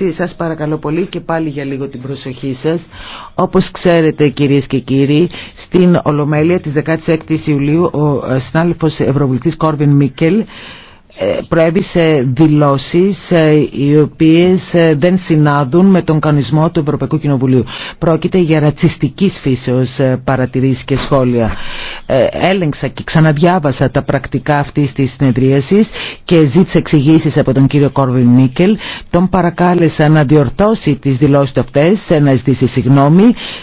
Εσείς σας παρακαλώ πολύ και πάλι για λίγο την προσοχή σας. Όπως ξέρετε κυρίες και κύριοι, στην Ολομέλεια της 16ης Ιουλίου ο ε, συνάδελφος Ευρωβουλευτής Κόρβιν Μίκελ ε, προέβησε δηλώσεις ε, οι οποίες δεν συνάδουν με τον κανονισμό του Ευρωπαϊκού Κοινοβουλίου. Πρόκειται για ρατσιστικής φύσεως παρατηρήσεις και σχόλια. Ε, έλεγξα και ξαναδιάβασα τα πρακτικά αυτή της συνεδρίασης και ζήτησα εξηγήσει από τον κύριο Κόρβιν Νίκελ. Τον παρακάλεσα να διορθώσει τις δηλώσεις του σε να ζητήσει συγγνώμη.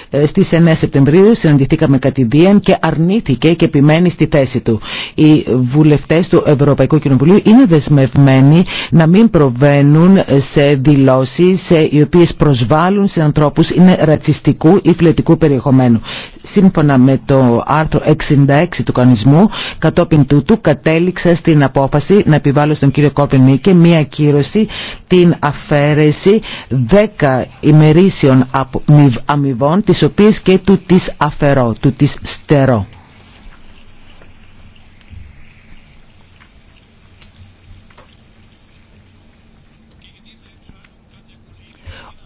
Ε, στις 9 Σεπτεμβρίου συναντηθήκαμε κατηδίαν και αρνήθηκε και επιμένει στη θέση του. Οι βουλευτές του Ευρωπαϊκού Κοινοβουλίου είναι δεσμευμένοι να μην προβαίνουν σε δηλώσεις ε, οι οποίες προσβάλλουν σε ανθρώπους είναι ρατσιστικού ή φλετικού περιεχομένου. Σύμφωνα με το άρθρο 66 του κανονισμού. Κατόπιν τούτου κατέληξα στην απόφαση να επιβάλλω στον κύριο Κόπιν Μίκε μία κύρωση την αφαίρεση 10 ημερήσεων αμοιβών τις οποίες και του τις αφαιρώ, του τις στερώ.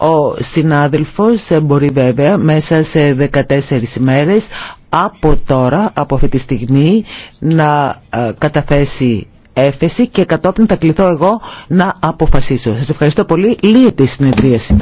Ο συνάδελφος μπορεί βέβαια μέσα σε 14 ημέρες από τώρα, από αυτή τη στιγμή, να ε, καταθέσει έφεση και κατόπιν θα κληθώ εγώ να αποφασίσω. Σας ευχαριστώ πολύ. Λύεται η συνεδρίαση.